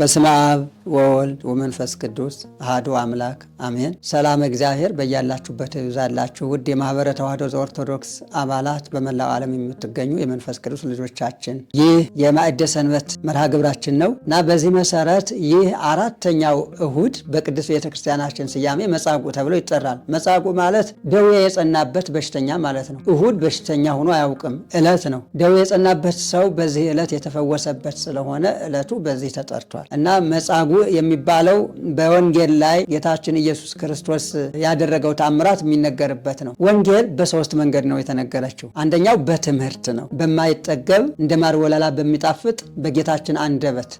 በስመ አብ ወወልድ ወመንፈስ ቅዱስ አሐዱ አምላክ አሜን። ሰላም እግዚአብሔር በያላችሁበት ይብዛላችሁ። ውድ የማህበረ ተዋህዶ ዘኦርቶዶክስ አባላት በመላው ዓለም የምትገኙ የመንፈስ ቅዱስ ልጆቻችን ይህ የማዕደ ሰንበት መርሃ ግብራችን ነው እና በዚህ መሰረት ይህ አራተኛው እሁድ በቅዱስ ቤተ ክርስቲያናችን ስያሜ መጻጉዕ ተብሎ ይጠራል። መጻጉዕ ማለት ደዌ የጸናበት በሽተኛ ማለት ነው። እሁድ በሽተኛ ሆኖ አያውቅም፣ ዕለት ነው። ደዌ የጸናበት ሰው በዚህ ዕለት የተፈወሰበት ስለሆነ ዕለቱ በዚህ ተጠርቷል እና መጻጉዕ የሚባለው በወንጌል ላይ ጌታችን ኢየሱስ ክርስቶስ ያደረገው ታምራት የሚነገርበት ነው። ወንጌል በሶስት መንገድ ነው የተነገረችው። አንደኛው በትምህርት ነው፣ በማይጠገብ እንደ ማር ወለላ በሚጣፍጥ በጌታችን አንደበት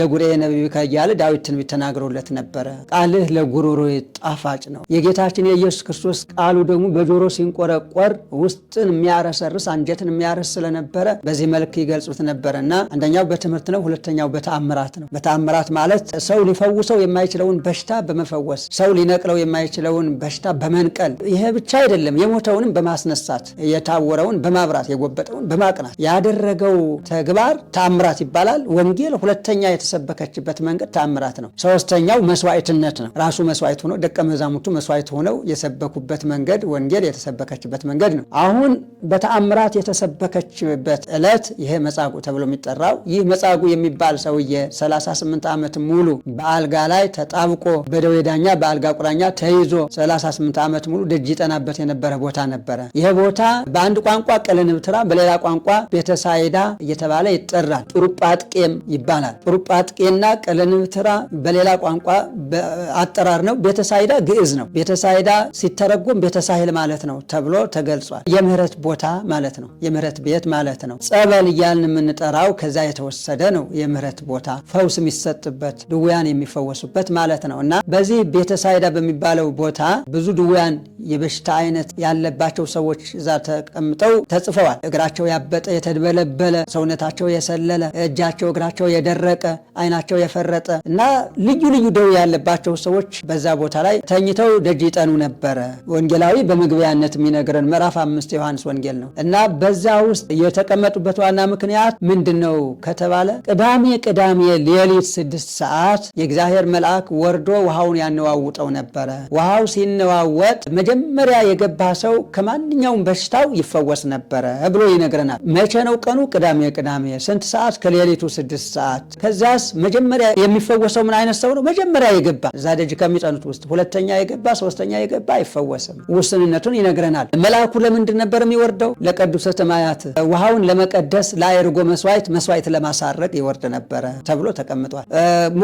ለጉሬ ነቢብ ከያለ ዳዊት ትንቢት ተናግሮለት ነበረ። ቃልህ ለጉሮሮ ጣፋጭ ነው። የጌታችን የኢየሱስ ክርስቶስ ቃሉ ደግሞ በጆሮ ሲንቆረቆር ውስጥን የሚያረሰርስ አንጀትን የሚያረስ ስለነበረ በዚህ መልክ ይገልጹት ነበረ እና አንደኛው በትምህርት ነው፣ ሁለተኛው በተአምራት ነው። በተአምራት ማለት ሰው ሊፈውሰው የማይችለውን በሽታ በመፈወስ ሰው ሊነቅለው የማይችለውን በሽታ በመንቀል ይሄ ብቻ አይደለም፣ የሞተውንም በማስነሳት የታወረውን በማብራት የጎበጠውን በማቅናት ያደረገው ተግባር ተአምራት ይባላል። ወንጌል ሁለተኛ የተሰበከችበት መንገድ ተአምራት ነው። ሶስተኛው መስዋዕትነት ነው። ራሱ መስዋዕት ሆኖ ደቀ መዛሙርቱ መስዋዕት ሆነው የሰበኩበት መንገድ ወንጌል የተሰበከችበት መንገድ ነው። አሁን በተአምራት የተሰበከችበት ዕለት ይሄ መጻጉዕ ተብሎ የሚጠራው ይህ መጻጉዕ የሚባል ሰውዬ 38 ዓመት ሙሉ በአልጋ ላይ ተጣብቆ በደዌ ዳኛ በአልጋ ቁራኛ ተይዞ 38 ዓመት ሙሉ ደጅ ይጠናበት የነበረ ቦታ ነበረ። ይህ ቦታ በአንድ ቋንቋ ቀለንብትራ፣ በሌላ ቋንቋ ቤተሳይዳ እየተባለ ይጠራል። ጥሩጳጥቄም ይባላል። ጥሩጳጥቄና ቀለንብትራ በሌላ ቋንቋ አጠራር ነው። ቤተሳይዳ ግዕዝ ነው። ቤተሳይዳ ሲተረጎም ቤተሳይል ማለት ነው ተብሎ ተገልጿል። የምህረት ቦታ ማለት ነው። የምህረት ቤት ማለት ነው። ጸበል እያልን የምንጠራው ከዛ የተወሰደ ነው። የምህረት ቦታ ፈውስ የሚሰጥበት ድውያን የሚፈወሱበት ማለት ነው እና በዚህ ቤተሳይዳ በሚባለው ቦታ ብዙ ድውያን የበሽታ አይነት ያለባቸው ሰዎች እዛ ተቀምጠው ተጽፈዋል። እግራቸው ያበጠ፣ የተበለበለ፣ ሰውነታቸው የሰለለ፣ እጃቸው እግራቸው የደረቀ፣ አይናቸው የፈረጠ እና ልዩ ልዩ ደዌ ያለባቸው ሰዎች በዛ ቦታ ላይ ተኝተው ደጅ ይጠኑ ነበረ። ወንጌላዊ በመግቢያነት የሚነግረን ምዕራፍ አምስት ዮሐንስ ወንጌል ነው እና በዛ ውስጥ የተቀመጡበት ዋና ምክንያት ምንድን ነው ከተባለ ቅዳሜ ቅዳሜ ሌሊት ስድስት ሰዓት ሰዓት የእግዚአብሔር መልአክ ወርዶ ውሃውን ያነዋውጠው ነበረ። ውሃው ሲነዋወጥ መጀመሪያ የገባ ሰው ከማንኛውም በሽታው ይፈወስ ነበረ ብሎ ይነግረናል። መቼ ነው ቀኑ? ቅዳሜ ቅዳሜ። ስንት ሰዓት? ከሌሊቱ ስድስት ሰዓት። ከዚያስ መጀመሪያ የሚፈወሰው ምን አይነት ሰው ነው? መጀመሪያ የገባ እዛ ደጅ ከሚጠኑት ውስጥ ሁለተኛ የገባ ሶስተኛ የገባ አይፈወስም። ውስንነቱን ይነግረናል። መልአኩ ለምንድን ነበር የሚወርደው? ለቅዱሰ ሰማያት ውሃውን ለመቀደስ ለአይርጎ መስዋዕት መስዋዕት ለማሳረግ ይወርድ ነበረ ተብሎ ተቀምጧል።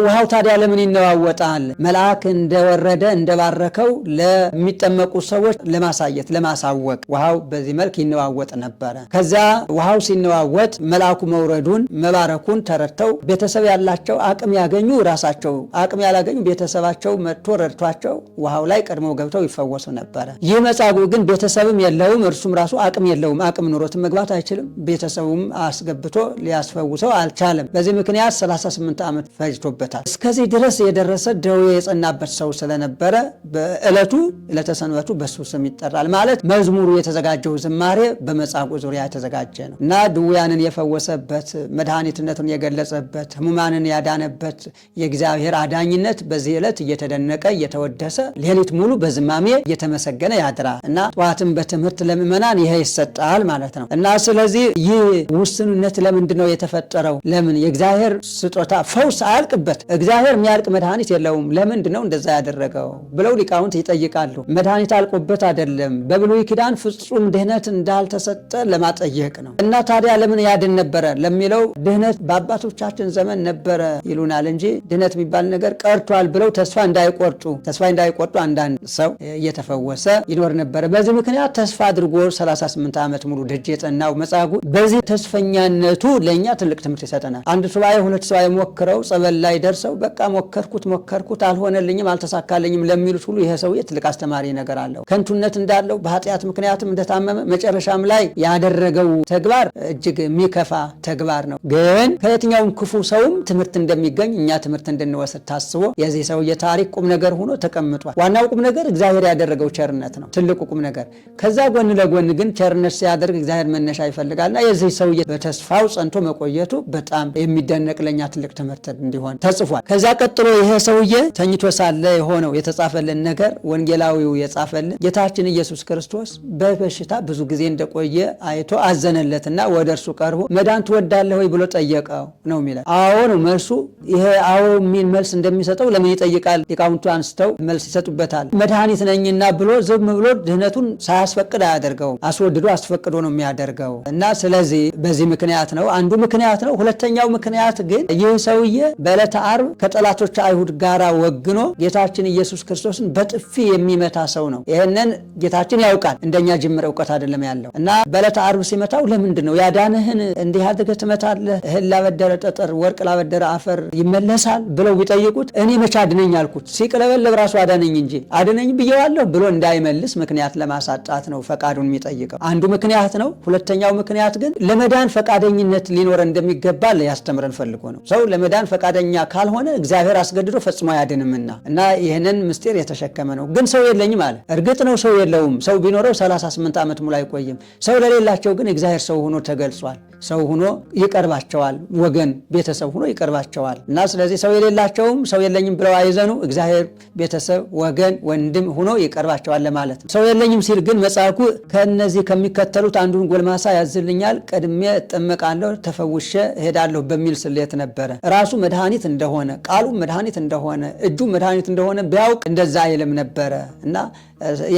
ውሃው ታዲያ ለምን ይነዋወጣል? መልአክ እንደወረደ እንደባረከው ለሚጠመቁ ሰዎች ለማሳየት ለማሳወቅ ውሃው በዚህ መልክ ይነዋወጥ ነበረ። ከዚያ ውሃው ሲነዋወጥ መልአኩ መውረዱን መባረኩን ተረድተው ቤተሰብ ያላቸው አቅም ያገኙ ራሳቸው አቅም ያላገኙ ቤተሰባቸው መጥቶ ረድቷቸው ውሃው ላይ ቀድመው ገብተው ይፈወሱ ነበረ። ይህ መጻጉዕ ግን ቤተሰብም የለውም፣ እርሱም ራሱ አቅም የለውም። አቅም ኑሮትን መግባት አይችልም። ቤተሰቡም አስገብቶ ሊያስፈውሰው አልቻለም። በዚህ ምክንያት 38 ዓመት ፈጅቶበታል። ይፈወሳል። እስከዚህ ድረስ የደረሰ ደዌ የጸናበት ሰው ስለነበረ በዕለቱ ዕለተ ሰንበቱ በሱ ስም ይጠራል። ማለት መዝሙሩ የተዘጋጀው ዝማሬ በመጻጉዕ ዙሪያ የተዘጋጀ ነው እና ድውያንን የፈወሰበት መድኃኒትነቱን የገለጸበት ሕሙማንን ያዳነበት የእግዚአብሔር አዳኝነት በዚህ ዕለት እየተደነቀ እየተወደሰ ሌሊት ሙሉ በዝማሜ እየተመሰገነ ያድራል እና ጠዋትን በትምህርት ለምእመናን ይሄ ይሰጣል ማለት ነው እና ስለዚህ ይህ ውስንነት ለምንድን ነው የተፈጠረው? ለምን የእግዚአብሔር ስጦታ ፈውስ አያልቅበት እግዚአብሔር የሚያልቅ መድኃኒት የለውም፣ ለምንድ ነው እንደዛ ያደረገው ብለው ሊቃውንት ይጠይቃሉ። መድኃኒት አልቆበት አይደለም፣ በብሉይ ኪዳን ፍጹም ድህነት እንዳልተሰጠ ለማጠየቅ ነው። እና ታዲያ ለምን ያድን ነበረ ለሚለው ድህነት በአባቶቻችን ዘመን ነበረ ይሉናል እንጂ ድህነት የሚባል ነገር ቀርቷል ብለው ተስፋ እንዳይቆርጡ ተስፋ እንዳይቆርጡ አንዳንድ ሰው እየተፈወሰ ይኖር ነበረ። በዚህ ምክንያት ተስፋ አድርጎ 38 ዓመት ሙሉ ደጅ የጠናው መጻጉዕ በዚህ ተስፈኛነቱ ለእኛ ትልቅ ትምህርት ይሰጠናል። አንድ ሱባኤ ሁለት ሱባኤ ሞክረው ጸበል ላይ ደርስ ሰው በቃ ሞከርኩት ሞከርኩት አልሆነልኝም፣ አልተሳካልኝም ለሚሉት ሁሉ ይሄ ሰውዬ ትልቅ አስተማሪ ነገር አለው። ከንቱነት እንዳለው በኃጢአት ምክንያትም እንደታመመ መጨረሻም ላይ ያደረገው ተግባር እጅግ የሚከፋ ተግባር ነው። ግን ከየትኛውም ክፉ ሰውም ትምህርት እንደሚገኝ እኛ ትምህርት እንድንወስድ ታስቦ የዚህ ሰውዬ ታሪክ ቁም ነገር ሆኖ ተቀምጧል። ዋናው ቁም ነገር እግዚአብሔር ያደረገው ቸርነት ነው፣ ትልቁ ቁም ነገር። ከዛ ጎን ለጎን ግን ቸርነት ሲያደርግ እግዚአብሔር መነሻ ይፈልጋልና የዚህ ሰውዬ በተስፋው ጸንቶ መቆየቱ በጣም የሚደነቅ ለእኛ ትልቅ ትምህርት እንዲሆን ተጽፎ ተጽፏል። ከዚያ ቀጥሎ ይሄ ሰውዬ ተኝቶ ሳለ የሆነው የተጻፈልን ነገር ወንጌላዊው የጻፈልን ጌታችን ኢየሱስ ክርስቶስ በበሽታ ብዙ ጊዜ እንደቆየ አይቶ አዘነለትና ወደ እርሱ ቀርቦ መዳን ትወዳለህ ወይ ብሎ ጠየቀው ነው የሚለው። አዎ ነው መልሱ። ይሄ አዎ የሚል መልስ እንደሚሰጠው ለምን ይጠይቃል? ሊቃውንቱ አንስተው መልስ ይሰጡበታል። መድኃኒት ነኝና ብሎ ዝም ብሎ ድህነቱን ሳያስፈቅድ አያደርገውም። አስወድዶ አስፈቅዶ ነው የሚያደርገው እና ስለዚህ በዚህ ምክንያት ነው አንዱ ምክንያት ነው። ሁለተኛው ምክንያት ግን ይህ ሰውዬ በዕለተ አርብ ከጠላቶች አይሁድ ጋር ወግኖ ጌታችን ኢየሱስ ክርስቶስን በጥፊ የሚመታ ሰው ነው። ይህንን ጌታችን ያውቃል። እንደኛ ጅምር እውቀት አይደለም ያለው እና በዕለተ አርብ ሲመታው ለምንድን ነው ያዳንህን እንዲህ አድርገህ ትመታለህ? እህል ላበደረ ጠጠር፣ ወርቅ ላበደረ አፈር ይመለሳል ብለው ቢጠይቁት እኔ መቼ አድነኝ አልኩት፣ ሲቅለበለብ ራሱ አዳነኝ እንጂ አድነኝ ብየዋለሁ ብሎ እንዳይመልስ ምክንያት ለማሳጣት ነው ፈቃዱን የሚጠይቀው። አንዱ ምክንያት ነው። ሁለተኛው ምክንያት ግን ለመዳን ፈቃደኝነት ሊኖረ እንደሚገባ ያስተምረን ፈልጎ ነው። ሰው ለመዳን ፈቃደኛ ካል ካልሆነ እግዚአብሔር አስገድዶ ፈጽሞ አያድንምና እና ይህንን ምስጢር የተሸከመ ነው። ግን ሰው የለኝም አለ። እርግጥ ነው ሰው የለውም። ሰው ቢኖረው 38 ዓመት ሙሉ አይቆይም። ሰው ለሌላቸው ግን እግዚአብሔር ሰው ሆኖ ተገልጿል። ሰው ሆኖ ይቀርባቸዋል። ወገን ቤተሰብ ሆኖ ይቀርባቸዋል እና ስለዚህ ሰው የሌላቸውም ሰው የለኝም ብለው አይዘኑ። እግዚአብሔር ቤተሰብ፣ ወገን፣ ወንድም ሆኖ ይቀርባቸዋል ለማለት ነው። ሰው የለኝም ሲል ግን መጽሐፉ ከነዚህ ከሚከተሉት አንዱን ጎልማሳ ያዝልኛል፣ ቀድሜ እጠመቃለሁ፣ ተፈውሼ እሄዳለሁ በሚል ስሌት ነበረ ራሱ መድኃኒት እንደ እንደሆነ ቃሉ መድኃኒት እንደሆነ እጁ መድኃኒት እንደሆነ ቢያውቅ እንደዛ አይልም ነበረ እና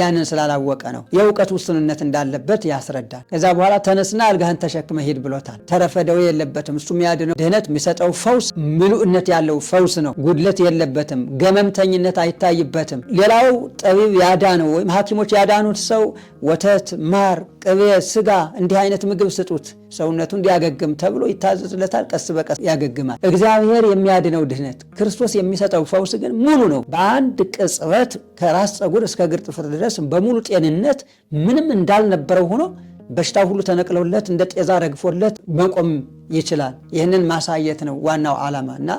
ያንን ስላላወቀ ነው። የእውቀት ውስንነት እንዳለበት ያስረዳል። ከዛ በኋላ ተነስና አልጋህን ተሸክመ ሂድ ብሎታል። ተረፈ ደዌ የለበትም። እሱ የሚያድነው ድህነት የሚሰጠው ፈውስ ምሉእነት ያለው ፈውስ ነው። ጉድለት የለበትም። ገመምተኝነት አይታይበትም። ሌላው ጠቢብ ያዳነው ወይም ሐኪሞች ያዳኑት ሰው ወተት፣ ማር፣ ቅቤ፣ ስጋ እንዲህ አይነት ምግብ ስጡት ሰውነቱ እንዲያገግም ተብሎ ይታዘዝለታል። ቀስ በቀስ ያገግማል። እግዚአብሔር የሚያድነው ድህነት ክርስቶስ የሚሰጠው ፈውስ ግን ሙሉ ነው። በአንድ ቅጽበት ከራስ ፀጉር እስከ ግርጥ ፍርድ ድረስ በሙሉ ጤንነት ምንም እንዳልነበረው ሆኖ በሽታ ሁሉ ተነቅለውለት እንደ ጤዛ ረግፎለት መቆም ይችላል። ይህንን ማሳየት ነው ዋናው ዓላማ እና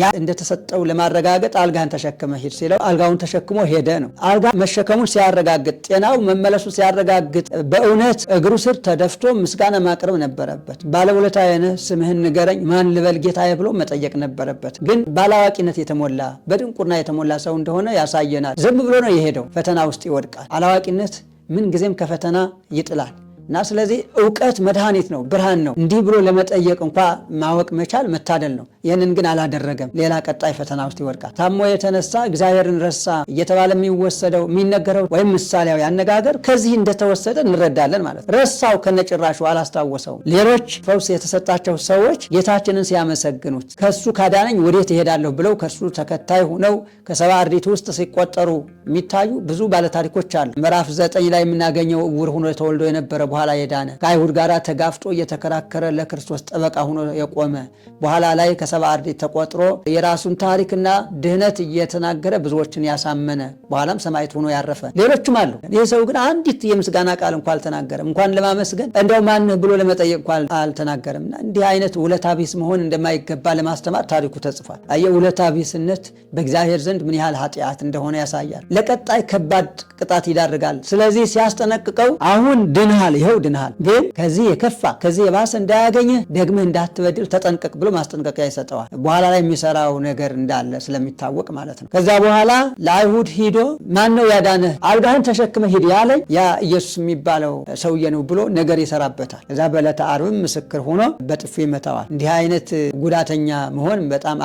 ያ እንደተሰጠው ለማረጋገጥ አልጋን ተሸክመ ሂድ ሲለው አልጋውን ተሸክሞ ሄደ ነው። አልጋ መሸከሙን ሲያረጋግጥ፣ ጤናው መመለሱ ሲያረጋግጥ በእውነት እግሩ ስር ተደፍቶ ምስጋና ማቅረብ ነበረበት። ባለውለታዬ ነህ ስምህን ንገረኝ ማን ልበል ጌታዬ ብሎ መጠየቅ ነበረበት። ግን ባላዋቂነት የተሞላ በድንቁርና የተሞላ ሰው እንደሆነ ያሳየናል። ዝም ብሎ ነው የሄደው። ፈተና ውስጥ ይወድቃል። አላዋቂነት ምን ጊዜም ከፈተና ይጥላል። እና ስለዚህ እውቀት መድኃኒት ነው፣ ብርሃን ነው። እንዲህ ብሎ ለመጠየቅ እንኳ ማወቅ መቻል መታደል ነው። ይህንን ግን አላደረገም። ሌላ ቀጣይ ፈተና ውስጥ ይወድቃል። ታሞ የተነሳ እግዚአብሔርን ረሳ እየተባለ የሚወሰደው የሚነገረው ወይም ምሳሌያዊ አነጋገር ከዚህ እንደተወሰደ እንረዳለን ማለት ነው። ረሳው ከነጭራሹ አላስታወሰው ሌሎች ፈውስ የተሰጣቸው ሰዎች ጌታችንን ሲያመሰግኑት ከሱ ካዳነኝ ወዴት እሄዳለሁ ብለው ከሱ ተከታይ ሆነው ከሰባ አርድእት ውስጥ ሲቆጠሩ የሚታዩ ብዙ ባለታሪኮች አሉ። ምዕራፍ ዘጠኝ ላይ የምናገኘው እውር ሆኖ ተወልዶ የነበረ በኋላ የዳነ ከአይሁድ ጋር ተጋፍጦ እየተከራከረ ለክርስቶስ ጠበቃ ሆኖ የቆመ በኋላ ላይ ከሰባ አርድእት ተቆጥሮ የራሱን ታሪክና ድህነት እየተናገረ ብዙዎችን ያሳመነ በኋላም ሰማዕት ሆኖ ያረፈ ሌሎችም አሉ። ይህ ሰው ግን አንዲት የምስጋና ቃል እንኳ አልተናገረም። እንኳን ለማመስገን እንደው ማን ብሎ ለመጠየቅ እንኳ አልተናገረም። እንዲህ አይነት ውለታ ቢስ መሆን እንደማይገባ ለማስተማር ታሪኩ ተጽፏል። የውለታ ቢስነት በእግዚአብሔር ዘንድ ምን ያህል ኃጢአት እንደሆነ ያሳያል። ለቀጣይ ከባድ ቅጣት ይዳርጋል። ስለዚህ ሲያስጠነቅቀው አሁን ድንሃል ይኸው ድንሃል፣ ግን ከዚህ የከፋ ከዚህ የባሰ እንዳያገኝህ ደግምህ እንዳትበድል ተጠንቀቅ ብሎ ማስጠንቀቂያ ይሰጠዋል። በኋላ ላይ የሚሰራው ነገር እንዳለ ስለሚታወቅ ማለት ነው። ከዛ በኋላ ለአይሁድ ሂዶ ማን ነው ያዳነህ? አልጋህን ተሸክመ ሂድ ያለኝ ያ ኢየሱስ የሚባለው ሰውዬ ነው ብሎ ነገር ይሰራበታል። ከዛ በዕለተ ዓርብም ምስክር ሆኖ በጥፊ ይመታዋል። እንዲህ አይነት ጉዳተኛ መሆን በጣም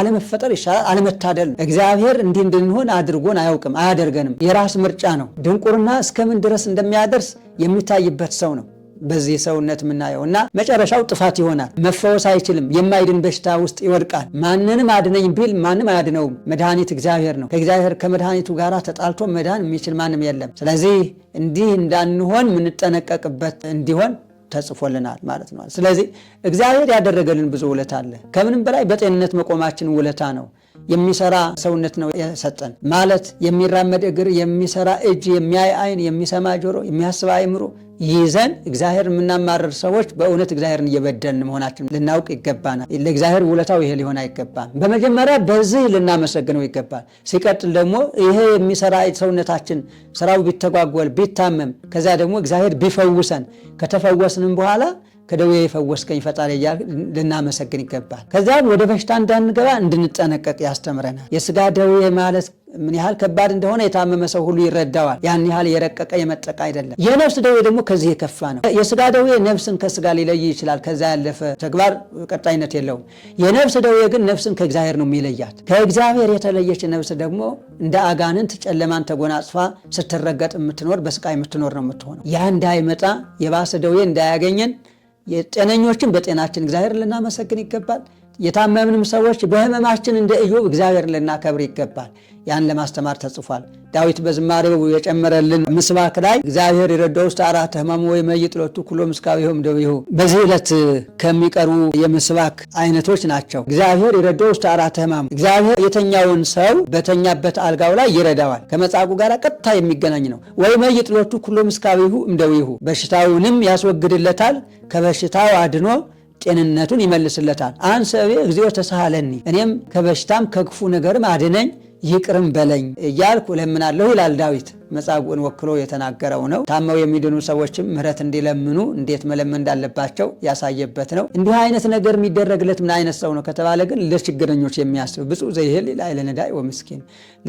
አለመፈጠር ይሻላል፣ አለመታደል ነው። እግዚአብሔር እንዲህ እንድንሆን አድርጎን አያውቅም፣ አያደርገንም። የራስ ምርጫ ነው። ድንቁርና እስከምን ድረስ እንደሚያደርስ የሚታይበት ሰው ነው በዚህ ሰውነት የምናየው እና መጨረሻው ጥፋት ይሆናል። መፈወስ አይችልም። የማይድን በሽታ ውስጥ ይወድቃል። ማንንም አድነኝ ቢል ማንም አያድነውም። መድኃኒት እግዚአብሔር ነው። ከእግዚአብሔር ከመድኃኒቱ ጋር ተጣልቶ መዳን የሚችል ማንም የለም። ስለዚህ እንዲህ እንዳንሆን የምንጠነቀቅበት እንዲሆን ተጽፎልናል ማለት ነው። ስለዚህ እግዚአብሔር ያደረገልን ብዙ ውለታ አለ። ከምንም በላይ በጤንነት መቆማችን ውለታ ነው። የሚሰራ ሰውነት ነው የሰጠን ማለት የሚራመድ እግር፣ የሚሰራ እጅ፣ የሚያይ አይን፣ የሚሰማ ጆሮ፣ የሚያስብ አይምሮ ይዘን እግዚአብሔር የምናማርር ሰዎች በእውነት እግዚአብሔርን እየበደልን መሆናችን ልናውቅ ይገባናል። ለእግዚአብሔር ውለታው ይሄ ሊሆን አይገባም። በመጀመሪያ በዚህ ልናመሰግነው ይገባል። ሲቀጥል ደግሞ ይሄ የሚሰራ ሰውነታችን ስራው ቢተጓጎል ቢታመም፣ ከዚያ ደግሞ እግዚአብሔር ቢፈውሰን ከተፈወስንም በኋላ ከደዌ የፈወስከኝ ፈጣሪ ልናመሰግን ይገባል። ከዚያም ወደ በሽታ እንዳንገባ እንድንጠነቀቅ ያስተምረናል። የስጋ ደዌ ማለት ምን ያህል ከባድ እንደሆነ የታመመ ሰው ሁሉ ይረዳዋል። ያን ያህል የረቀቀ የመጠቀ አይደለም። የነፍስ ደዌ ደግሞ ከዚህ የከፋ ነው። የስጋ ደዌ ነፍስን ከስጋ ሊለይ ይችላል። ከዛ ያለፈ ተግባር ቀጣይነት የለውም። የነፍስ ደዌ ግን ነፍስን ከእግዚአብሔር ነው የሚለያት። ከእግዚአብሔር የተለየች ነፍስ ደግሞ እንደ አጋንንት ጨለማን ተጎናጽፋ ስትረገጥ የምትኖር በስቃይ የምትኖር ነው የምትሆነው። ያ እንዳይመጣ የባሰ ደዌ እንዳያገኘን የጤነኞችን በጤናችን እግዚአብሔር ልናመሰግን ይገባል። የታመምንም ሰዎች በህመማችን እንደ ኢዮብ እግዚአብሔር ልናከብር ይገባል። ያን ለማስተማር ተጽፏል። ዳዊት በዝማሬው የጨመረልን ምስባክ ላይ እግዚአብሔር የረዳው ውስጥ አራት ህመሙ ወይ መይጥሎቱ ኩሎ ምስካቢሆም እምደዊሁ በዚህ ዕለት ከሚቀርቡ የምስባክ አይነቶች ናቸው። እግዚአብሔር የረዳው ውስጥ አራት ህማሙ እግዚአብሔር የተኛውን ሰው በተኛበት አልጋው ላይ ይረዳዋል። ከመጻጉዕ ጋር ቀጥታ የሚገናኝ ነው። ወይ መይጥሎቱ ኩሎ ምስካቢሁ እምደዊሁ በሽታውንም ያስወግድለታል ከበሽታው አድኖ ጤንነቱን ይመልስለታል። አንሰቤ እግዚኦ ተሳሃለኒ፣ እኔም ከበሽታም ከክፉ ነገርም አድነኝ ይቅርም በለኝ እያልኩ እለምናለሁ ይላል ዳዊት። መጻጉዕን ወክሎ የተናገረው ነው። ታመው የሚድኑ ሰዎችም ምሕረት እንዲለምኑ እንዴት መለመን እንዳለባቸው ያሳየበት ነው። እንዲህ አይነት ነገር የሚደረግለት ምን አይነት ሰው ነው ከተባለ ግን ለችግረኞች የሚያስብ ብፁዕ ዘይህል ይላል ለነዳይ ወምስኪን፣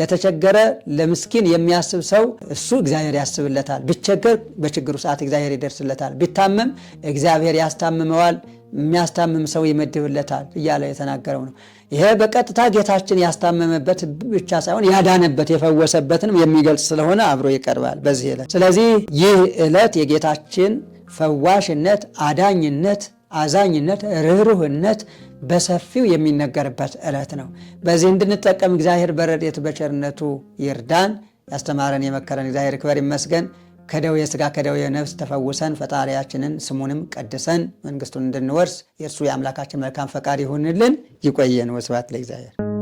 ለተቸገረ ለምስኪን የሚያስብ ሰው እሱ እግዚአብሔር ያስብለታል። ቢቸገር በችግሩ ሰዓት እግዚአብሔር ይደርስለታል። ቢታመም እግዚአብሔር ያስታምመዋል። የሚያስታምም ሰው ይመድብለታል እያለ የተናገረው ነው። ይሄ በቀጥታ ጌታችን ያስታመመበት ብቻ ሳይሆን ያዳነበት የፈወሰበትንም የሚገልጽ ስለሆነ አብሮ ይቀርባል በዚህ ዕለት። ስለዚህ ይህ ዕለት የጌታችን ፈዋሽነት፣ አዳኝነት፣ አዛኝነት፣ ርኅሩህነት በሰፊው የሚነገርበት ዕለት ነው። በዚህ እንድንጠቀም እግዚአብሔር በረድኤቱ በቸርነቱ ይርዳን። ያስተማረን የመከረን እግዚአብሔር ክበር ይመስገን። ከደዌ ሥጋ ከደዌ ነፍስ ተፈውሰን ፈጣሪያችንን ስሙንም ቀድሰን መንግስቱን እንድንወርስ የእርሱ የአምላካችን መልካም ፈቃድ ይሁንልን። ይቆየን። ወስብሐት ለእግዚአብሔር።